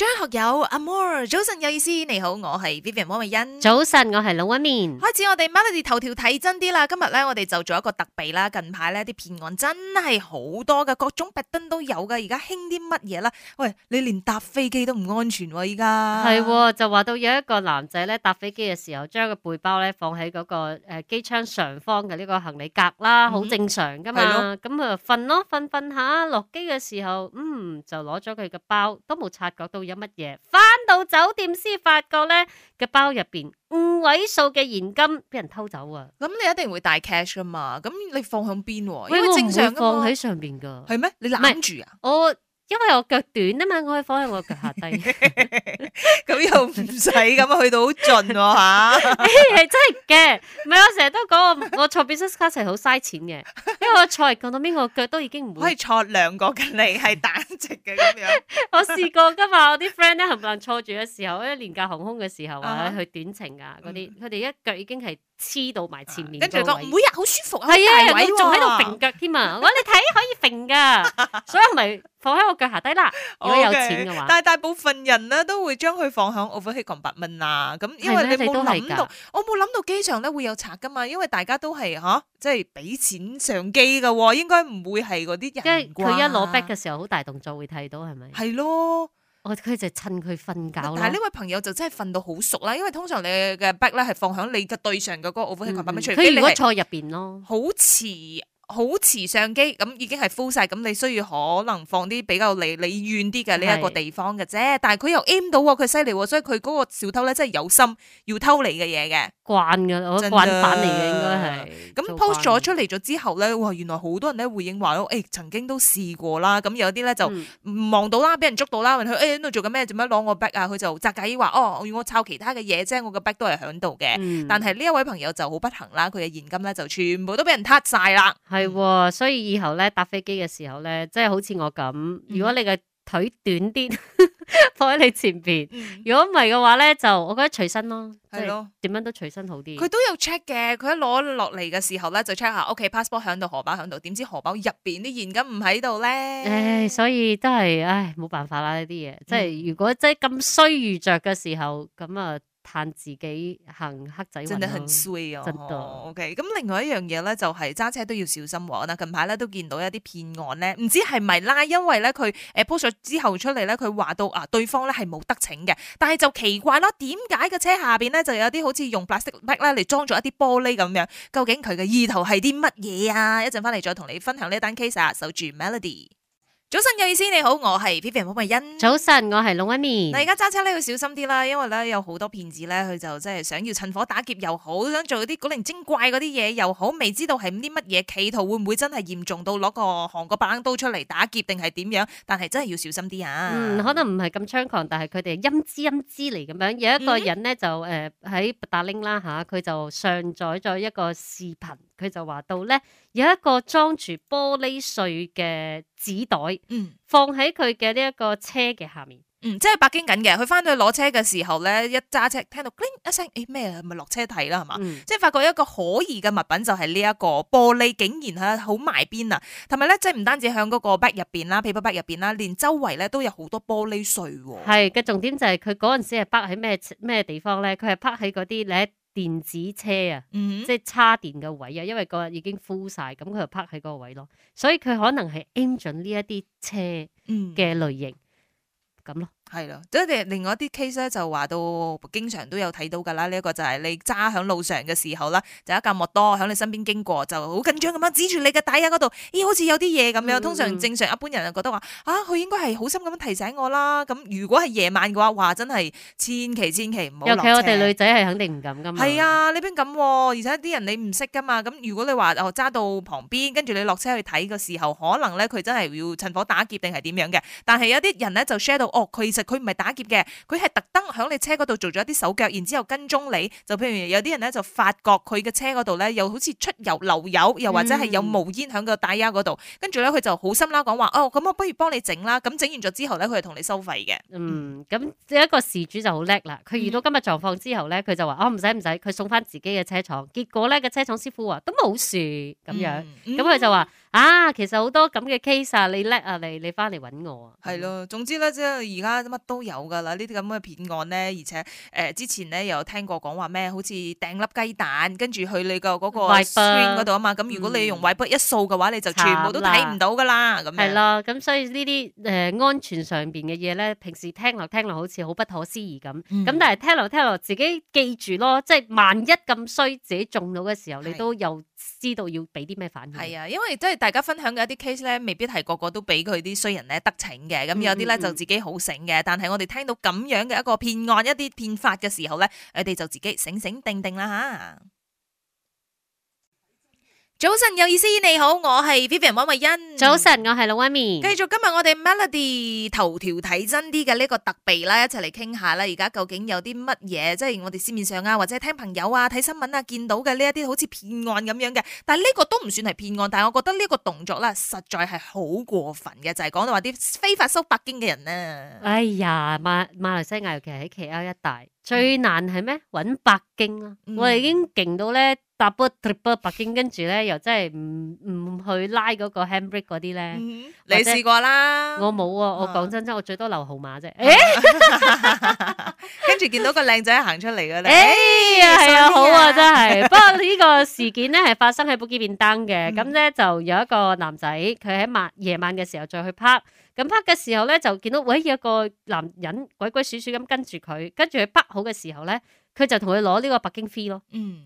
張學友阿 Mo，早晨有意思，你好，我係 Vivian 莫文欣，早晨，我係老一面。開始我哋 Melody 頭條睇真啲啦，今日咧我哋就做一個特備啦。近排呢啲騙案真係好多噶，各種特登都有噶。而家興啲乜嘢啦？喂，你連搭飛機都唔安全喎，啊，依家係，就話到有一個男仔咧搭飛機嘅時候，將個背包咧放喺嗰個誒機艙上方嘅呢個行李格啦，好、嗯、哼正常噶嘛。咁佢的就瞓咯，瞓瞓下落機嘅時候，嗯就攞咗佢嘅包，都冇察覺到。有乜嘢？翻到酒店先發覺咧，嘅包入邊五位數嘅現金俾人偷走啊！咁你一定會帶 cash 噶嘛？咁你放響邊？啊？因為正常我唔會放喺上邊噶，係咩？你攬住啊？我因為我腳短啊嘛，我可以放喺我腳下低。 又唔使咁去到好盡喎、啊、嚇，係、 哎、真係嘅。唔係我成日都講我，我坐 business class 係好嘥錢嘅，因為我坐嚟講到邊，我腳都已經唔可以坐兩個近你係單隻嘅咁樣。 我試過噶嘛，我啲 friend 咧冚唪唥坐住嘅時候，一廉價航空嘅時候啊，或者去短程啊嗰啲，佢哋、嗯、一腳已經係黐到埋前面、啊，跟住佢每日呀好舒服耶啊，係 啊，仲喺度揈腳添啊！我你睇可以揈噶，所以咪放喺我腳下低啦。如果有錢嘅話，okay, 但係大部分人咧都會將佢放。響 overhead compartment 啊！咁因為你冇諗到，我冇諗到機場咧會有賊噶嘛？因為大家都係吓、啊，即係俾錢上機噶，應該唔會係嗰啲人。佢一攞 back 嘅時候，好大動作會睇到，係咪？係咯，我佢就趁佢瞓覺。但係呢位朋友就真係瞓到好熟啦，因為通常你嘅 back 咧係放喺你嘅對上嗰、嗰個 overhead compartment 出嚟。佢、嗯嗯、如果坐入邊咯，入面咯好似。好持相機咁已經係 full 晒，咁你需要可能放啲比較離你遠啲嘅呢一個地方嘅啫。是但係佢又 m 到喎，佢犀利喎，所以佢嗰個小偷咧真係有心要偷你嘅嘢嘅。慣嘅啦，慣犯嚟嘅應該係。咁 法 post 咗出嚟咗之後咧，原來好多人都回應話咯，誒、欸、曾經都試過啦。咁有啲咧就望到啦，俾、嗯、人捉到啦。問佢誒喺度做緊咩？做乜攞我筆啊？佢就責怪話哦，我要我抄其他嘅嘢啫，我嘅筆都係喺度嘅。嗯、但係呢一位朋友就好不幸啦，佢嘅現金咧就全部都俾人撻晒啦。係、嗯、所以以後咧搭飛機嘅時候咧，即係好似我咁，如果你嘅腿短啲，嗯、 放喺你前邊；如果唔係嘅話咧，就我覺得隨身咯，即係咯，點樣都隨身好啲。佢都有 check 嘅，佢一攞落嚟嘅時候咧就 check 下屋企 passport 響度，OK，荷包響度。點知荷包入邊啲現金唔喺度咧？唉，所以都係唉冇辦法啦呢啲嘢，嗯、即係如果真係咁衰遇着嘅時候咁啊～嘆自己行黑仔，真係很衰啊！真多的。OK 咁另外一樣嘢咧，就係揸車都要小心喎。嗱，近排咧都見到一啲騙案咧，唔知係咪啦？因為咧佢誒 post 咗之後出嚟咧，佢話到啊，對方咧係冇得逞嘅，但係就奇怪咯，點解個車下邊咧就有啲好似用白色 bag 咧，嚟裝咗一啲玻璃咁樣？究竟佢嘅意圖係啲乜嘢啊？一陣翻嚟再同你分享呢一單 case 啊，守住 Melody。早晨，有意思你好，我係 Vivian 韋欣。早晨，我係龍威咪。嗱，而家揸車咧要小心啲啦，因為咧有好多騙子咧，佢就即係想要趁火打劫又好，想做啲古靈精怪嗰啲嘢又好，未知道係啲乜嘢企圖，會唔會真係嚴重到攞個韓國板刀出嚟打劫定係點樣？但係真係要小心啲啊！嗯，可能唔係咁猖狂，但係佢哋係陰知陰知嚟咁樣。有一個人咧就誒喺達令啦吓，佢、mm hmm. 呃、就上載咗一個視頻。佢就話到咧，有一個裝住玻璃碎嘅紙袋，嗯，放喺佢嘅呢一個車嘅下面，嗯，即係泊緊嘅。佢翻到去攞車嘅時候咧，一揸車聽到嚀嚀一聲，誒咩啊，咪落車睇啦，係嘛，嗯、即係發覺一個可疑嘅物品就係呢一個玻璃，竟然係好埋邊啊！同埋咧，即係唔單止響嗰個包入邊啦，皮包包入邊啦，連周圍咧都有好多玻璃碎。係嘅重點就係佢嗰陣時係泊喺咩咩地方咧？佢係泊喺嗰啲咧。電子車啊，即係叉電嘅位啊，因為個已經 full 曬，咁佢就 park 喺嗰個位咯、啊，所以佢可能係 aim 準呢一啲車嘅類型咁、嗯、咯。係咯，即係另外一啲 case 咧，就話到經常都有睇到㗎啦。呢、這、一個就係你揸喺路上嘅時候啦，就一架摩多喺你身邊經過，就好緊張咁樣指住你嘅底下嗰度，咦、欸、好似有啲嘢咁樣。嗯、通常正常一般人就覺得話，啊佢應該係好心咁樣提醒我啦。咁如果係夜晚嘅話，話真係千祈千祈唔好落車。尤其我哋女仔係肯定唔敢噶。係啊，你邊咁、啊，而且啲人你唔識噶嘛。咁如果你話揸到旁邊，跟住你落車去睇嘅時候，可能咧佢真係要趁火打劫定係點樣嘅。但係有啲人咧就 share 到，哦佢唔係打劫嘅，佢係特登喺你車嗰度做咗一啲手腳，然之後跟蹤你。就譬如有啲人咧，就發覺佢嘅車嗰度咧，又好似出油漏油，嗯、又或者係有冒煙喺個大丫嗰度。跟住咧，佢就好心啦，講話哦，咁我不如幫你整啦。咁整完咗之後咧，佢係同你收費嘅。嗯，咁一個事主就好叻啦。佢遇到今日狀況之後咧，佢、嗯、就話哦，唔使唔使，佢送翻自己嘅車廠。結果咧，個車廠師傅話都冇事咁樣。咁佢就話。嗯嗯啊，其實好多咁嘅 case 啊，你叻啊，你你翻嚟揾我啊。係咯，總之咧，即係而家乜都有噶啦，呢啲咁嘅騙案咧，而且誒、呃、之前咧又有聽過講話咩，好似掟粒雞蛋，跟住去你個嗰個 screen 嗰度啊嘛，咁如果你用 wipe 筆一掃嘅話，你就全部都睇唔到噶啦，咁了樣。係咯，咁、嗯、所以呢啲誒安全上邊嘅嘢咧，平時聽落聽落好似好不可思議咁，咁、嗯、但係聽落聽落自己記住咯，即係萬一咁衰自己中到嘅時候，你都有。知道要俾啲咩反應？係啊，因為即係大家分享嘅一啲 case 咧，未必係個個都俾佢啲衰人咧得逞嘅。咁有啲咧就自己好醒嘅，嗯嗯嗯，但係我哋聽到咁樣嘅一個騙案、一啲騙法嘅時候咧，佢哋就自己醒醒定定啦嚇。早晨，有意思，你好，我係 Vivian 溫慧欣。早晨，我係老媽咪。繼續今日我哋 Melody 頭條睇真啲嘅呢個特備啦，一齊嚟傾下啦。而家究竟有啲乜嘢？即係我哋市面上啊，或者聽朋友啊、睇新聞啊見到嘅呢一啲好似騙案咁樣嘅。但係呢個都唔算係騙案，但係我覺得呢個動作咧，實在係好過分嘅，就係講到話啲非法收北京嘅人啊。哎呀，馬馬來西亞尤其喺吉隆一帶最難係咩？搵北京啊。嗯、我哋已經勁到咧。北京，跟住咧又真係唔唔去拉嗰個 handbrake 嗰啲咧。嗯、哼者你試過啦？我冇啊！我講真真，嗯、我最多留號碼啫。誒、哎，跟住見到個靚仔行出嚟嘅陣，誒啊，係啊，好啊， 真係。不過呢個事件咧係發生喺福建邊單嘅，咁咧、嗯、就有一個男仔，佢喺晚夜晚嘅時候再去 park。咁 park 嘅時候咧就見到，喂，有個男人鬼鬼祟祟咁跟住佢，跟住佢 park 好嘅時候咧。佢就同佢攞呢個北京 fee 咯，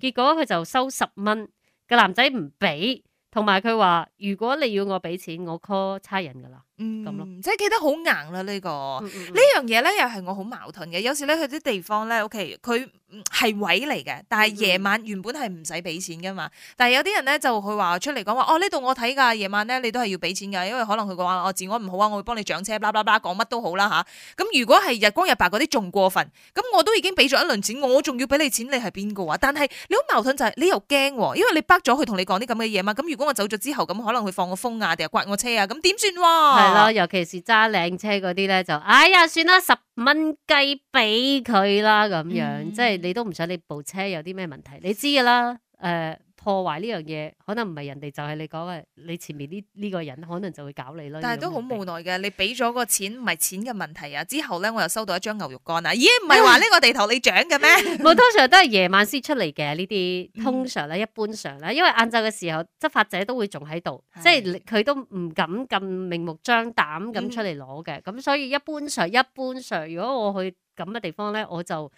結果佢就收十蚊，個男仔唔俾，同埋佢話如果你要我俾錢，我 call 差人噶啦。嗯，即係記得好硬啦、啊、呢、這個呢樣嘢咧，又係、嗯、我好矛盾嘅。嗯、有時咧，佢啲地方咧，OK，佢係位嚟嘅，但係夜晚原本係唔使俾錢噶嘛。嗯、但係有啲人咧就佢話出嚟講話哦，呢度我睇噶，夜晚咧你都係要俾錢噶，因為可能佢話、哦、我治安唔好啊，我會幫你掌車啦啦啦，講乜都好啦吓。咁、啊、如果係日光日白嗰啲仲過分，咁我都已經俾咗一輪錢，我仲要俾你錢，你係邊個啊？但係你好矛盾就係、是、你又驚，因為你 back 咗佢同你講啲咁嘅嘢嘛。咁如果我走咗之後，咁可能會放個風啊，定係刮我車啊，咁點算喎？係咯，尤其是揸靚車嗰啲咧，就哎呀，算啦，十蚊雞俾佢啦，咁樣，嗯、即係你都唔想你部車有啲咩問題，你知噶啦，誒、呃。破壞呢樣嘢，可能唔係人哋，就係你講嘅，你前面呢呢、呢個人可能就會搞你咯。但係都好無奈嘅，嗯、你俾咗個錢，唔係錢嘅問題啊！之後咧，我又收到一張牛肉乾啊！咦，唔係話呢個地頭你掌嘅咩？冇， 通常都係夜晚先出嚟嘅呢啲，嗯、通常咧，一般上咧，因為晏晝嘅時候，執法者都會仲喺度，是即係佢都唔敢咁明目張膽咁出嚟攞嘅。咁、嗯、所以一般上一般上，如果我去咁嘅地方咧，我就。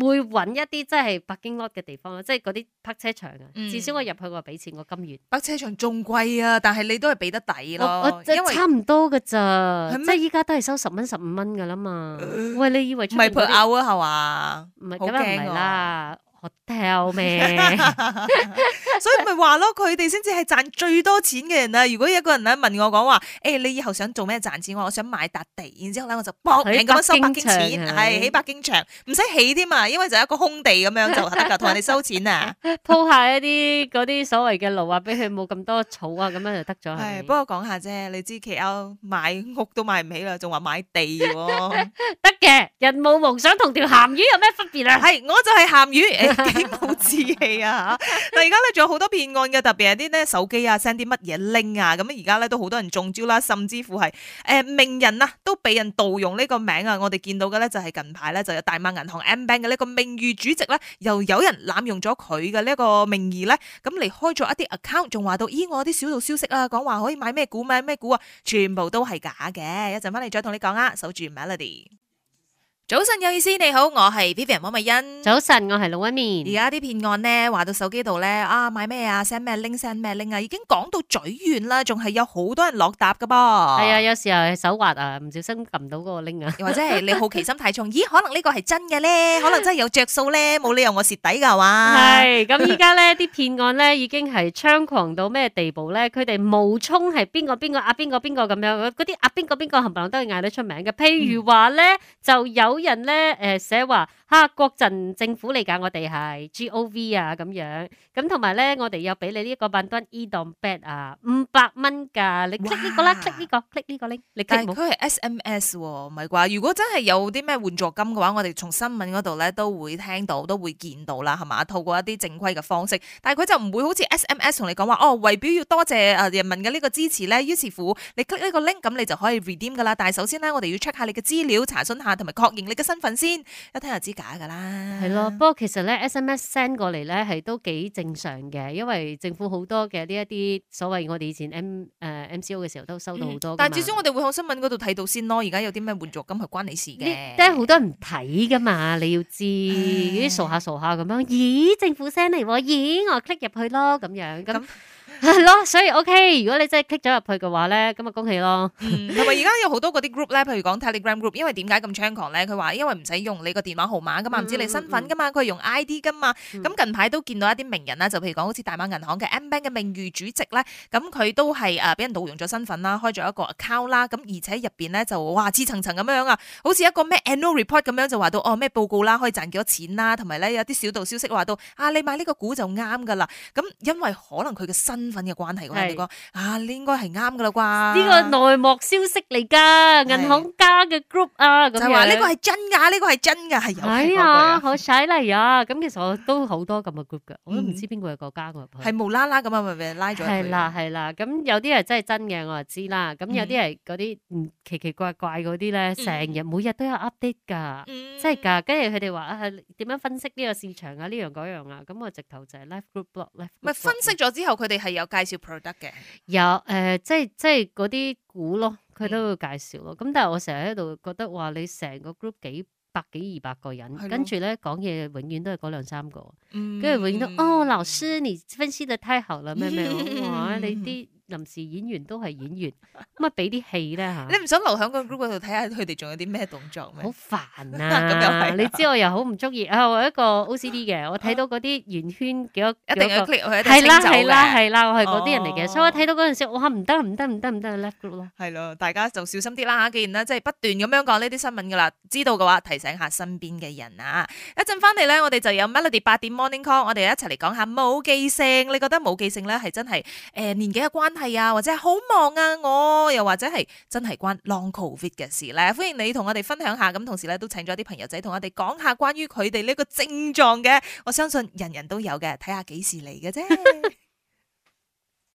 會揾一啲即係 parking lot 嘅地方咯，即係嗰啲泊車場啊。嗯、至少我入去我俾錢個金圓，泊車場仲貴啊，但係你都係俾得抵咯。我，我因為差唔多㗎咋，嗎即係依家都係收十蚊十五蚊㗎啦嘛。呃、喂，你以為出面咪泊 out 啊係嘛？唔係，咁又唔係啦。我 tell 咩？ 所以咪話咯，佢哋先至係賺最多錢嘅人啊！如果一個人咧問我講話，誒、欸，你以後想做咩賺錢？我話我想買笪地，然之後咧我就搏命咁收北京錢，係起北京場，唔使起添嘛，因為就一個空地咁樣就同人哋收錢啊！鋪下一啲嗰啲所謂嘅路啊，俾佢冇咁多草啊，咁樣就得咗。不過講下啫，你知其他買屋都買唔起啦，仲話買地喎。得嘅，人冇夢想同條鹹魚有咩分別啊？係，我就係鹹魚。幾冇志氣啊！嗱，而家咧仲有好多騙案嘅，特別係啲咧手機啊，send 啲乜嘢 link 啊，咁而家咧都好多人中招啦，甚至乎係誒、呃、名人啊都被人盜用呢個名啊！我哋見到嘅咧就係近排咧就有大馬銀行 AmBank 嘅呢個名譽主席咧，又有人濫用咗佢嘅呢個名義咧，咁嚟開咗一啲 account，仲話到，咦，我有啲小道消息啊，講話可以買咩股買咩股啊，全部都係假嘅，一陣翻嚟再同你講啊，守住 Melody。早晨有意思，你好，我係 Vivian 王美欣。早晨，我係老一面。而家啲騙案咧，話到手機度咧，啊買咩啊，send 咩 link，send 咩 link 啊，已經講到嘴軟啦，仲係有好多人落搭噶噃。係啊，有時候手滑啊，唔小心撳到嗰個 link 啊。或者係你好奇心太重，咦？可能呢個係真嘅咧，可能真係有着數咧，冇理由我蝕底噶係嘛？係。咁依家咧啲騙案咧已經係猖狂到咩地步咧？佢哋冒充係邊個邊個啊？邊個邊個咁樣？嗰啲啊？邊個邊個冚唪唥都都嗌得出名嘅。譬如話咧，就有。有人咧誒、呃、寫話吓、啊，國陣政府嚟㗎，我哋係 G O V 啊咁樣，咁同埋咧我哋又俾你呢、這、一個賓頓 E Dom Bed 啊五百蚊㗎，你 click 呢個啦 click 呢個 click 呢、這個你、這個、但係佢係 S M S 喎、哦，唔係啩？如果真係有啲咩援助金嘅話，我哋從新聞嗰度咧都會聽到，都會見到啦，係嘛？透過一啲正規嘅方式，但係佢就唔會好似 S M S 同你講話哦，為表要多謝誒人民嘅呢個支持咧，於是乎你 click 呢個 link 咁你就可以 redeem 㗎啦。但係首先咧我哋要 check 下你嘅資料，查詢下同埋確認。你嘅身份先，一聽下知假噶啦。係咯，不過其實咧 SMS send 過嚟咧係都幾正常嘅，因為政府好多嘅呢一啲所謂我哋以前 M 誒、呃、MCO 嘅時候都收到好多、嗯。但至少我哋會喺新聞嗰度睇到先咯。而家有啲咩援助金係關你事嘅，即係好多人唔睇噶嘛，你要知唉傻下傻下咁樣。咦，政府 send 嚟，咦，我 click 入去咯，咁樣咁。係咯，所以 OK，如果你真係 k 咗入去嘅話咧，咁啊恭喜咯。同埋而家有好多嗰啲 group 咧，譬如講 Telegram group，因為點解咁猖狂咧？佢話因為唔使用，用你個電話號碼噶嘛，唔、嗯、知你身份噶嘛，佢、嗯、用 ID 噶嘛。咁、嗯、近排都見到一啲名人啦，就譬如講好似大馬銀行嘅 AmBank 嘅名譽主席咧，咁佢都係誒俾人盜用咗身份啦，開咗一個 account 啦。咁而且入邊咧就哇，似層層咁樣啊，好似一個咩 annual report 咁樣，就話到哦咩報告啦，可以賺幾多錢啦，同埋咧有啲小道消息話到啊，你買呢個股就啱噶啦。咁因為可能佢嘅身身份嘅關係，我哋講啊，你應該係啱噶啦啩？呢個內幕消息嚟噶，銀行家嘅 group 啊，就係話呢個係真噶，呢個係真噶，係有。係啊，好犀利啊！咁其實我都好多咁嘅 group 噶，我都唔知邊個係個加個。係無啦啦咁啊，咪俾人拉咗。係啦，係啦，咁有啲人真係真嘅，我就知啦。咁有啲人嗰啲奇奇怪怪嗰啲咧，成日每日都有 update 噶，真係噶。跟住佢哋話啊，點樣分析呢個市場啊？呢樣嗰樣啊？咁我直頭就係 life group block。唔係分析咗之後，佢哋係。有介紹 product 嘅，有誒，即係即係嗰啲股咯，佢都會介紹咯。咁但係我成日喺度覺得，話你成個 group 幾百幾二百個人，跟住咧講嘢永遠都係嗰兩三個，跟住永遠都哦，老師你分析得太好啦咩咩，哇你啲～臨時演員都係演員，咁啊俾啲戲咧吓，你唔想留喺個 group 嗰度睇下佢哋仲有啲咩動作咩？好煩啊！咁又係，你知我又好唔中意啊！我一個 OCD 嘅，我睇到嗰啲圓圈幾多，一定要 clear 佢，係啦係啦係啦，我係嗰啲人嚟嘅，所以我睇到嗰陣時，我吓唔得唔得唔得唔得，leave group。咯係咯，大家就小心啲啦吓，既然咧即係不斷咁樣講呢啲新聞噶啦，知道嘅話提醒下身邊嘅人啊！一陣翻嚟咧，我哋就有 Melody 八點 Morning Call，我哋一齊嚟講下冇記性，你覺得冇記性咧係真係誒年紀嘅關。係啊，或者好忙啊我，我又或者係真係關 Long Covid 嘅事咧，歡迎你同我哋分享下，咁同時咧都請咗啲朋友仔同我哋講下關於佢哋呢個症狀嘅，我相信人人都有嘅，睇下幾時嚟嘅啫。